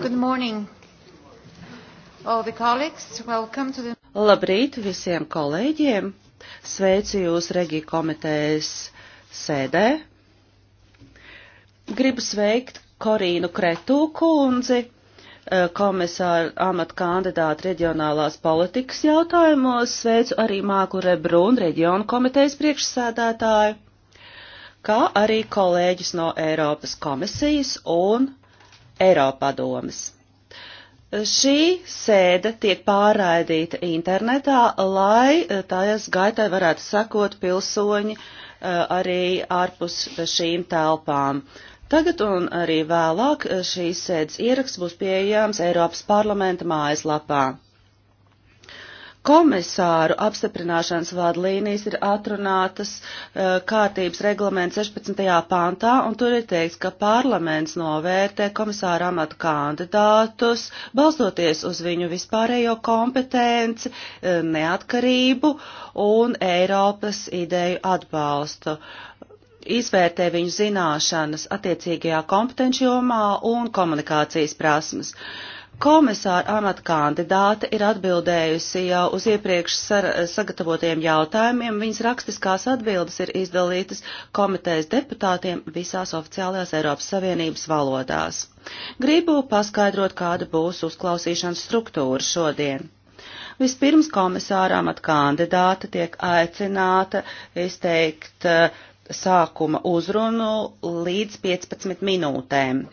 Good morning, all the colleagues. Welcome to the... Labrīt visiem kolēģiem! Sveicu jūs Regija komitejas sēdē. Gribu sveikt Korīnu Kretū kundzi, eh, komisāra amata kandidāta reģionālās politikas jautājumos, sveicu arī Māku Rebrun reģionu komitejas priekšsēdētāju, kā arī kolēģis no Eiropas komisijas un Eiropadomas. Šī sēde tiek pārraidīta internetā, lai eh, tās gaitai varētu sakot pilsoņi eh, arī ārpus šīm telpām. Tagad un arī vēlāk eh, šīs sēdes ieraksts būs pieejams Eiropas parlamenta mājaslapā komisāru apstiprināšanas vadlīnijas ir atrunātas eh, kārtības reglaments 16. pantā, un tur ir teikts, ka parlaments novērtē komisāru amatu kandidātus, balstoties uz viņu vispārējo kompetenci, eh, neatkarību un Eiropas ideju atbalstu izvērtē viņu zināšanas attiecīgajā kompetenci jomā un komunikācijas prasmes. Uh, Komisāra amata kandidāte ir atbildējusi jau uz iepriekš sagatavotiem jautājumiem. Viņas rakstiskās atbildes ir izdalītas komitejas deputātiem visās oficiālajās Eiropas Savienības valodās. Gribu paskaidrot, kāda būs uzklausīšanas struktūra šodien. Vispirms komisāra amata kandidāte tiek aicināta izteikt eh, sākuma uzrunu līdz 15 minūtēm.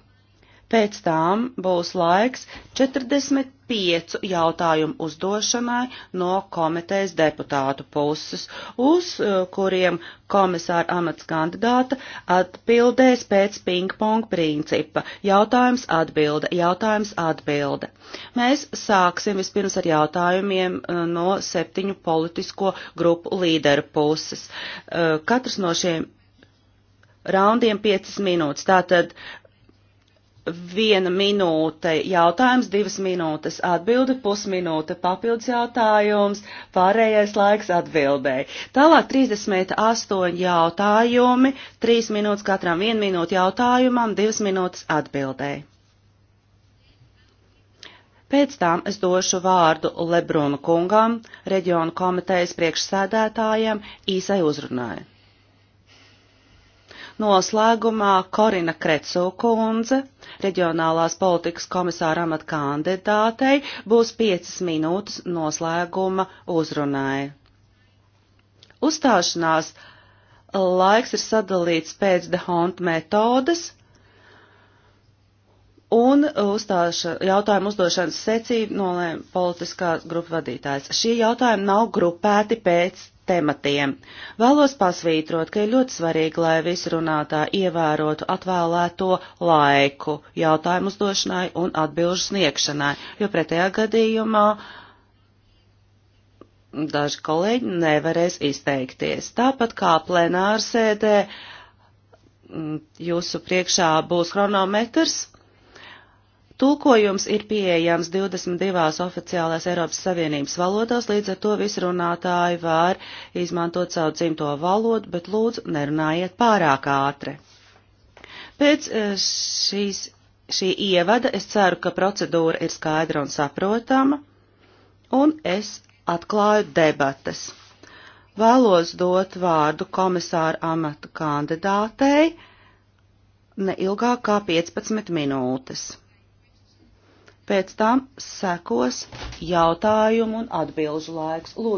Pēc tām būs laiks 45 jautājumu uzdošanai no komitejas deputātu puses, uz uh, kuriem komisāra amats kandidāta atbildēs pēc ping-pong principa. Jautājums atbilde, jautājums atbilde. Mēs sāksim vispirms ar jautājumiem uh, no septiņu politisko grupu līderu puses. Uh, katrs no šiem raundiem 5 minūtes. Tātad viena minūte jautājums, divas minūtes atbilde, pusminūte papildus jautājums, pārējais laiks atbildēji. Tālāk 38 jautājumi, 3 minūtes katram 1 minūte jautājumam, 2 minūtes atbildēji. Pēc tam es došu vārdu Lebrunu kungam, reģionu komitejas priekšsēdētājam, īsai uzrunai. Noslēgumā Korina Kretsu kundze, reģionālās politikas komisāra amat kandidātei, būs 5 minūtes noslēguma uzrunai. Uzstāšanās laiks ir sadalīts pēc dehont metodas, un uzstāša, jautājumu uzdošanas secību nolēma politiskās grupu vadītājs. Šie jautājumi nav grupēti pēc tematiem. Vēlos pasvītrot, ka ir ļoti svarīgi, lai visi runātā ievērotu atvēlēto laiku jautājumu uzdošanai un atbilžu sniegšanai, jo pretējā gadījumā daži kolēģi nevarēs izteikties. Tāpat kā plenārsēdē jūsu priekšā būs chronometrs, Tulkojums ir pieejams 22 oficiālās Eiropas Savienības valodās, līdz ar to visi runātāji var izmantot savu dzimto valodu, bet lūdzu nerunājiet pārāk ātri. Pēc eh, šīs, šī ievada es ceru, ka procedūra ir skaidra un saprotama, un es atklāju debates. Vēlos dot vārdu komisāru amatu kandidātei neilgāk kā 15 minūtes. Pēc tam sekos jautājumu un atbilžu laiks. Lūdzu,